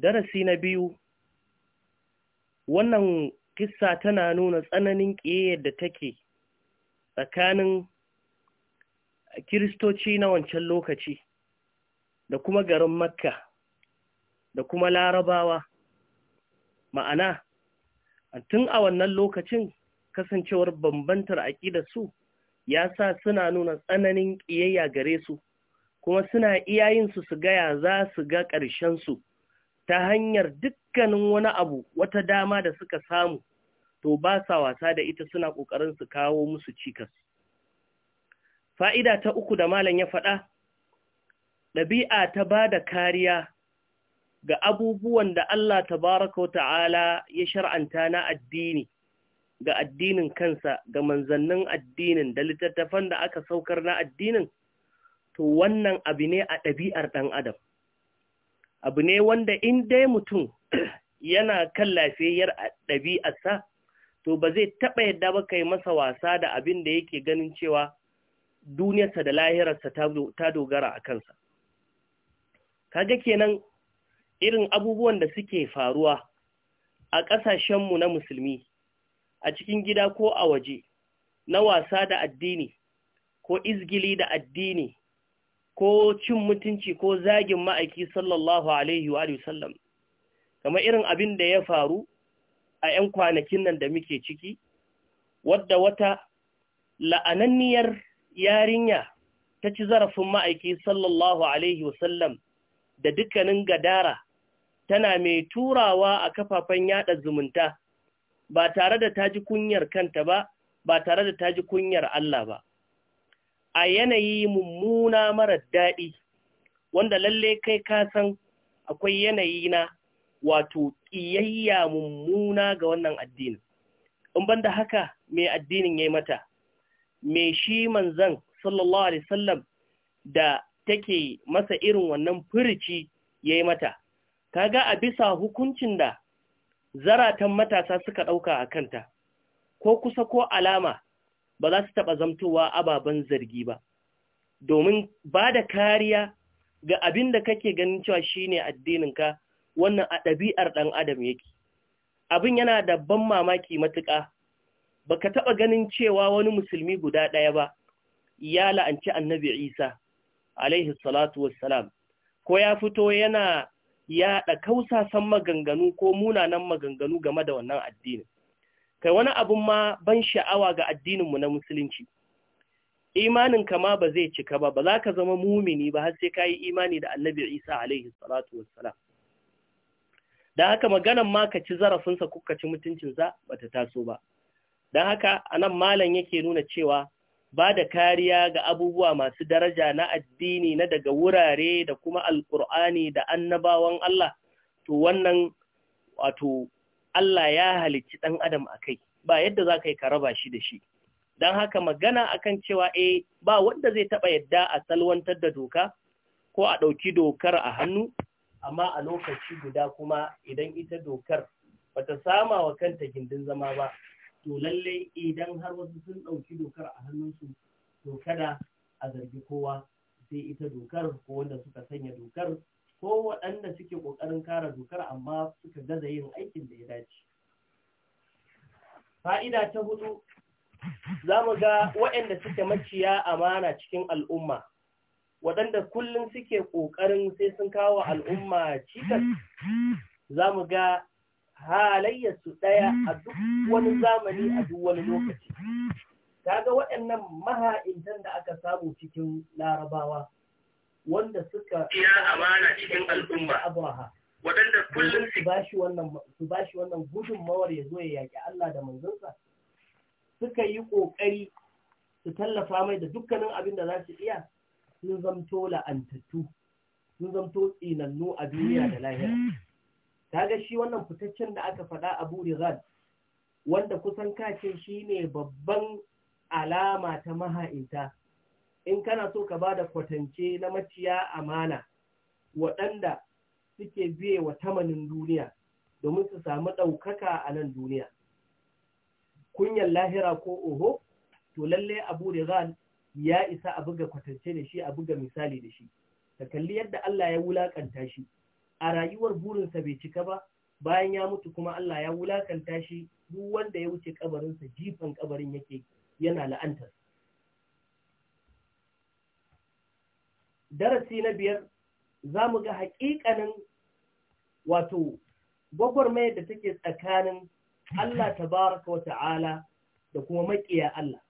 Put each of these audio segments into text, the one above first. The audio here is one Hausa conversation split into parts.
darasi na biyu wannan kissa tana nuna tsananin ƙiyayyar da take tsakanin kiristoci na wancan lokaci da kuma garin makka da kuma larabawa ma'ana tun a wannan lokacin kasancewar bambantar aƙida su ya sa suna nuna tsananin ƙiyayya gare su kuma suna iyayensu su gaya za su ga ƙarshensu ta hanyar dukkanin wani abu wata dama da suka samu to ba sa wasa da ita suna ƙoƙarin su kawo musu cikas. Fa'ida ta uku da malam ya faɗa, ɗabi'a ta ba da kariya ga abubuwan da Allah ta baraka ta'ala ya shar'anta na addini, ga addinin kansa, ga manzannin addinin da littattafan da aka saukar na addinin, to wannan abu ne a ɗabi'ar ɗan Adam. abu ne wanda in dai mutum yana kan lafiyayyar ɗabi'arsa to ba zai taɓa yadda ba kai masa wasa da abin da yake ganin cewa duniyarsa da lahirarsa ta dogara a kansa kaga kenan irin abubuwan da suke faruwa a ƙasashenmu na musulmi a cikin gida ko a waje na wasa da addini ko izgili da addini ko cin mutunci ko zagin ma'aiki sallallahu alaihi wa sallam kamar irin abin da ya faru a 'yan kwanakin nan da muke ciki wadda wata la'ananniyar yarinya ta ci zarafin ma'aiki sallallahu alaihi wa sallam da dukkanin gadara tana mai turawa a kafafen yada zumunta ba tare da ta ji kunyar kanta ba ba tare da ta ji kunyar Allah ba a yanayi mummuna marar daɗi wanda lalle kai ka san akwai yanayi na wato ƙiyayya mummuna ga wannan addinin in banda haka mai addinin ya mata mai shi manzan sallallahu alaihi sallam da take masa irin wannan furici ya yi mata ga a bisa hukuncin da zaratan matasa suka ɗauka a kanta ko kusa ko alama ba za su taɓa zamtowa ababen zargi ba domin ba da kariya ga abin da kake ganin cewa shine addininka wannan a ɗabi'ar ɗan adam yake abin yana da ban mamaki matuƙa ka taɓa ganin cewa wani musulmi guda ɗaya ba ya la'anci annabi isa alaihi salatu wassalam ko ya fito yana yaɗa kausasan maganganu ko munanan maganganu game da wannan addinin kai wani abun ma ban sha'awa ga addininmu na musulunci imanin kama ba zai cika ba ba za ka zama mumini ba har sai ka yi imani da annabi isa alaihi salatu wassalam don haka maganan ma ka ci zarafinsa kuka ci mutuncinsa ba ta taso ba don haka a nan malam yake nuna cewa ba da kariya ga abubuwa masu daraja na addini na daga wurare da kuma alkur'ani da annabawan Allah to wannan wato Allah ya halicci ɗan adam a kai ba yadda za ka yi ka raba shi da shi don haka magana akan cewa eh ba wanda zai taɓa yadda a salwantar da doka ko a ɗauki dokar a hannu amma a lokaci guda kuma idan ita dokar bata sama wa kanta gindin zama ba to lalle idan har wasu sun ɗauki dokar a hannunsu to kada a zargi kowa sai ita dokar ko wanda suka sanya dokar ko waɗanda suke ƙoƙarin kare dokar amma suka gaza yin aikin da ya dace. Fa'ida ta hudu, za mu ga waɗanda suke maciya amana cikin al'umma, waɗanda kullum suke ƙoƙarin sai sun kawo al'umma cikas, za mu ga halayyarsu ɗaya a duk wani zamani a duk wani lokaci. Ta ga waɗannan maha'intan da aka samu cikin larabawa. wanda suka ya amana cikin al'umma waɗanda kullum su bashi wannan su bashi wannan gudunmawar ya zo ya yaƙi Allah da manzonsa suka yi ƙoƙari su tallafa mai da dukkanin abin da za su iya sun zamto la'antattu sun zamto tsinannu a duniya da lahira kaga shi wannan fitaccen da aka faɗa a burigan wanda kusan kacin shi ne babban alama ta maha'inta in kana so ka ba da kwatance na maciya amana waɗanda suke biye wa tamanin duniya domin su samu ɗaukaka a nan duniya. Kunyan lahira ko oho, to lalle Abu Rizal ya isa a buga kwatance da shi a buga misali da shi. Ka kalli yadda Allah ya wulaƙanta shi, a rayuwar burinsa bai cika ba, bayan ya mutu kuma Allah ya wulaƙanta shi duk wanda ya wuce kabarinsa jifan kabarin yake yana la'antarsa. darasi na biyar za mu ga haƙiƙanin wato gwagwarmayar da take tsakanin Allah ta wa ta'ala da kuma maƙiya Allah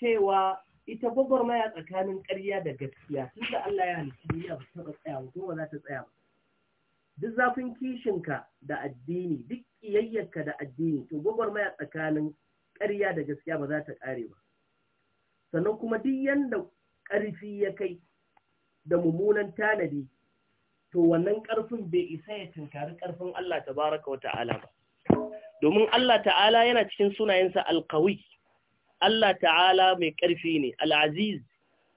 cewa ita gwagwarmaya tsakanin ƙarya da gaskiya sun da Allah ya halittu duniya ba ta tsaya ba kuma za ta tsaya ba duk zafin kishinka da addini duk ƙiyayyarka da addini to gwagwarmaya tsakanin ƙarya da gaskiya ba za ta ƙare ba sannan kuma duk yanda ƙarfi ya kai da mummunan tanadi to wannan ƙarfin bai isa ya tunkari ƙarfin Allah tabaraka wa ta'ala ba domin Allah ta'ala yana cikin sunayensa alkawi Allah ta'ala mai ƙarfi ne al'aziz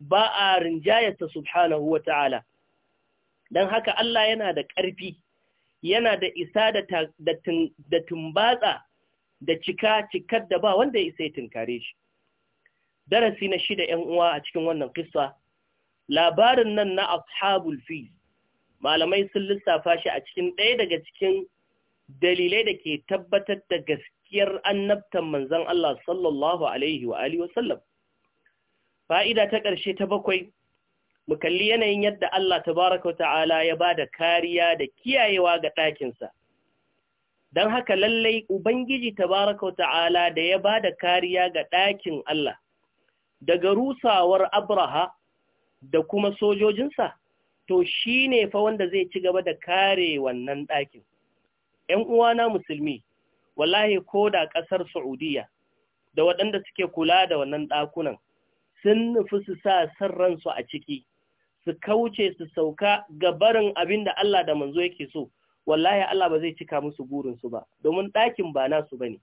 ba a rinjayarsa subhanahu wa ta'ala don haka Allah yana da ƙarfi yana da isa da tumbatsa da cika cikar da ba wanda ya isa ya tunkare shi darasi na shida ‘yan uwa a cikin wannan kissa, labarin nan na ashabul fi malamai sun lissafa shi a cikin ɗaya daga cikin dalilai da ke tabbatar da gaskiyar annabtan manzan Allah sallallahu Alaihi wa Alihi wasallam. Fa'ida ta ƙarshe ta bakwai, mu kalli yanayin yadda Allah tabaraka ta'ala ya ba da kariya da kiyayewa ga ɗakinsa. Don haka lallai Ubangiji tabaraka ta'ala da ya ba da kariya ga ɗakin Allah. daga rusawar Abraha da kuma sojojinsa, to shi ne fa wanda zai ci gaba da kare wannan ɗakin. ‘Yan uwana musulmi, wallahi ko da ƙasar sa'udiyya da waɗanda suke kula da wannan ɗakunan, sun nufi su sa san ransu a ciki, su kauce su sauka ga barin abin da Allah da manzo yake so, wallahi Allah ba zai cika musu burinsu ba, domin ɗakin ba nasu ba ne,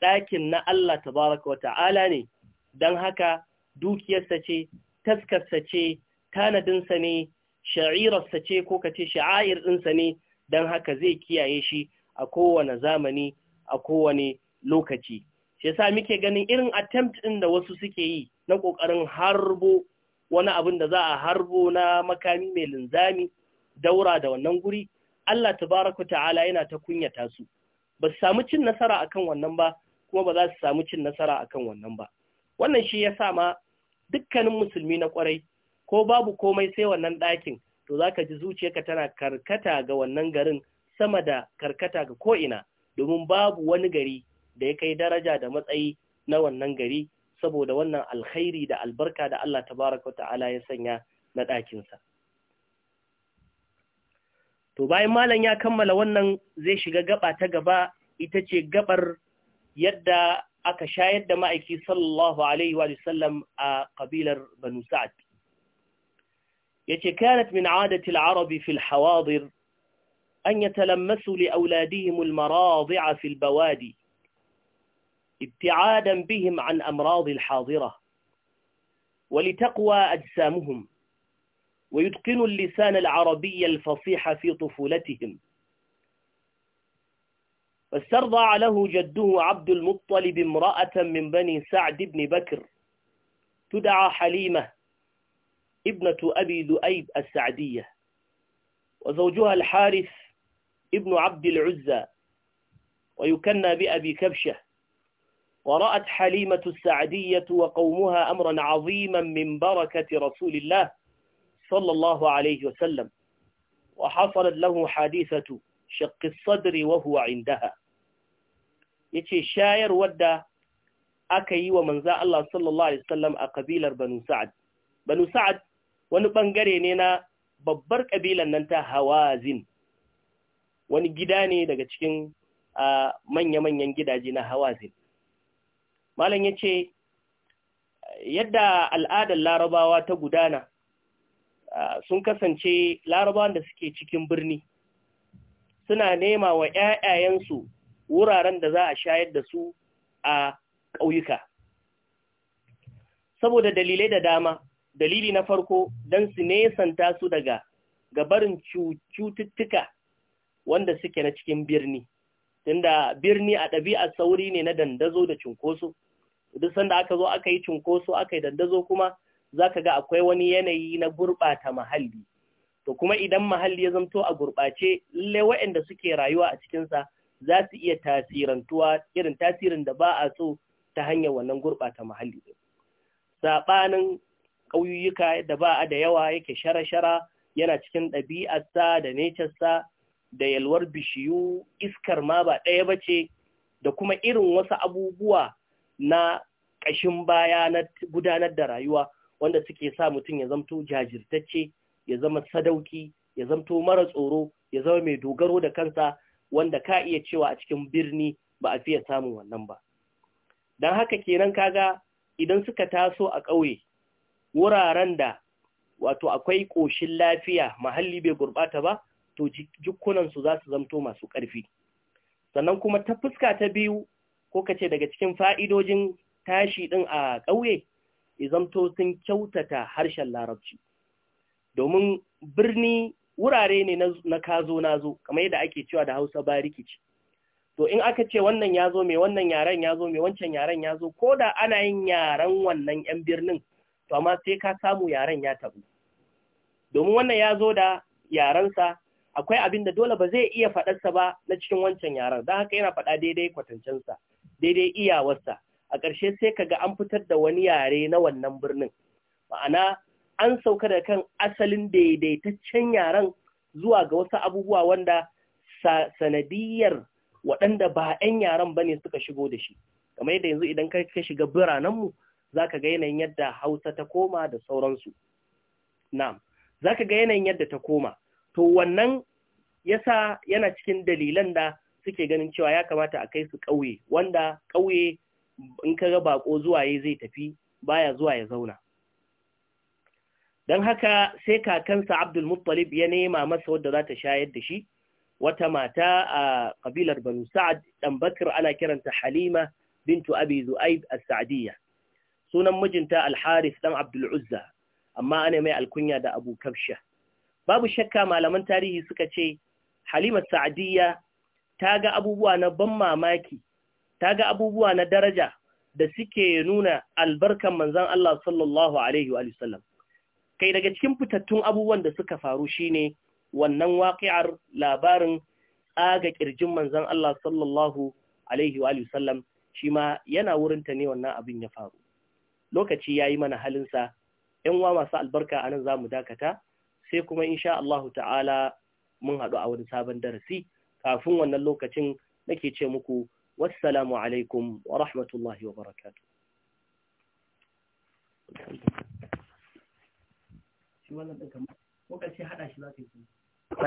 ɗakin na Allah tabaraka wa ne, don haka dukiyarsa ce taskarsa ce tanadinsa ne sha'irarsa ce ko ka ce sha'air ɗinsa ne don haka zai kiyaye shi a kowane zamani a kowane lokaci shi sa muke ganin irin attempt ɗin da wasu suke yi na ƙoƙarin harbo wani abin da za a harbo na makami mai linzami daura da wannan guri Allah tabaraka ta'ala yana ta kunyata su ba su samu cin nasara akan wannan ba kuma ba za su samu cin nasara akan wannan ba wannan shi ya sa ma dukkanin musulmi na kwarai ko babu komai sai wannan ɗakin to za ka ji zuciyarka tana karkata ga wannan garin sama da karkata ga ko'ina domin babu wani gari da ya kai daraja da matsayi na wannan gari saboda wannan alkhairi da albarka da Allah tabaraka ta'ala ya sanya na ɗakinsa. To bayan malam ya kammala wannan zai shiga gaba ta gaba ita ce gabar yadda aka shayar da ma'aiki sallallahu alaihi wa sallam a kabilar banu sa'ad yace kanat min adati al-arab fi al-hawadir an yatalammasu li awladihim al-maradi'a fi al-bawadi ibtiadan bihim an al-hadira wa li taqwa عن wa yutqinu al-lisan al-arabiyya al-fasiha fi tufulatihim فاسترضع له جده عبد المطلب امرأة من بني سعد بن بكر تدعى حليمة ابنة أبي ذؤيب السعدية وزوجها الحارث ابن عبد العزى ويكنى بأبي كبشة ورأت حليمة السعدية وقومها أمرا عظيما من بركة رسول الله صلى الله عليه وسلم وحصلت له حادثة shaqqi sadri wa huwa indaha yace shayar wadda aka yi wa manzo Allah sallallahu alaihi wasallam a kabilar Banu Sa'ad Banu Sa'ad wani bangare ne na babbar kabilan nan ta Hawazin wani gida ne daga cikin manya-manyan gidaje na Hawazin malam yace yadda al'adar larabawa ta gudana sun kasance larabawan da suke cikin birni suna nema wa ‘ya'yayensu wuraren da za a shayar da su a ƙauyuka. Saboda dalilai da dama, dalili na farko don su nesanta su daga gabarin cututtuka wanda suke na cikin birni, tunda birni a ɗabi'ar sauri ne na dandazo da cunkoso. Duk sanda aka zo aka yi cunkoso aka yi dandazo kuma za ka ga akwai wani yanayi na gurɓata muhalli. to kuma idan mahalli ya zamto a gurɓace lallai waɗanda suke rayuwa a cikinsa za su iya tasirantuwa irin tasirin da ba a so ta hanyar wannan gurɓata mahalli saɓanin ƙauyuka da ba a da yawa yake shara-shara yana cikin ɗabi'arsa da necarsa da yalwar bishiyu iskar ma ba ɗaya bace, da kuma irin wasu abubuwa na ƙashin baya na gudanar da rayuwa wanda suke sa mutum ya zamto jajirtacce ya zama sadauki ya zamto mara tsoro ya zama mai dogaro da kansa wanda ka iya cewa a cikin birni ba a fiye samun wannan ba don haka kenan kaga idan suka taso a ƙauye wuraren da wato akwai ƙoshin lafiya mahalli bai gurɓata ba to jikunansu za su zamto masu ƙarfi sannan kuma ta fuska ta biyu ko ka ce daga cikin fa'idojin tashi ɗin a ƙauye ya zamto sun kyautata harshen larabci domin birni wurare ne na kazo na zo kamar yadda ake cewa da hausa bariki ce to in aka ce wannan ya zo mai wannan yaren ya zo mai wancan yaren ya zo ko da ana yin yaren wannan yan birnin to amma sai ka samu yaren ya tabu domin wannan ya zo da yarensa akwai abin da dole ba zai iya faɗarsa ba na cikin wancan yaren don haka yana faɗa daidai kwatancensa daidai iyawarsa a ƙarshe sai ka ga an fitar da wani yare na wannan birnin ma'ana an sauka da kan asalin daidaitaccen yaren zuwa ga wasu abubuwa wanda sanadiyar waɗanda ba 'yan yaren ba ne suka shigo da shi kamar yadda yanzu idan ka shiga biranenmu za ka ga yanayin yadda hausa ta koma da sauransu na'am za ka ga yanayin yadda ta koma to wannan yasa yana cikin dalilan da suke ganin cewa ya kamata a kai su ƙauye wanda ƙauye in ka ga baƙo zuwa ya zai tafi baya zuwa ya zauna dan haka sai kakansa abdul abdulmuttalib ya nema masa wadda za ta shayar da shi wata mata a kabilar banu sa'ad dan bakir ana kiranta halima bintu abi zu'aib as-sa'diyya sunan mijinta al-harith dan abdul uzza amma ana mai alkunya da abu kabsha babu shakka malaman tarihi suka ce halima sa'diyya ta ga abubuwa na ban mamaki ta ga abubuwa na daraja da suke nuna albarkan manzon Allah sallallahu alaihi wa sallam kai daga cikin fitattun abubuwan da suka faru shine wannan waƙi'ar labarin tsaga ƙirjin manzon Allah sallallahu alaihi wa sallam shi ma yana wurinta ne wannan abin ya faru lokaci ya yi mana halin sa yan wa masu albarka anan zamu dakata sai kuma insha Allah ta'ala mun haɗu a wani sabon darasi kafin wannan lokacin nake ce muku wassalamu alaikum wa rahmatullahi wa barakatuh shi wannan ɗin kamar ko ƙarshe haɗa shi za ka yi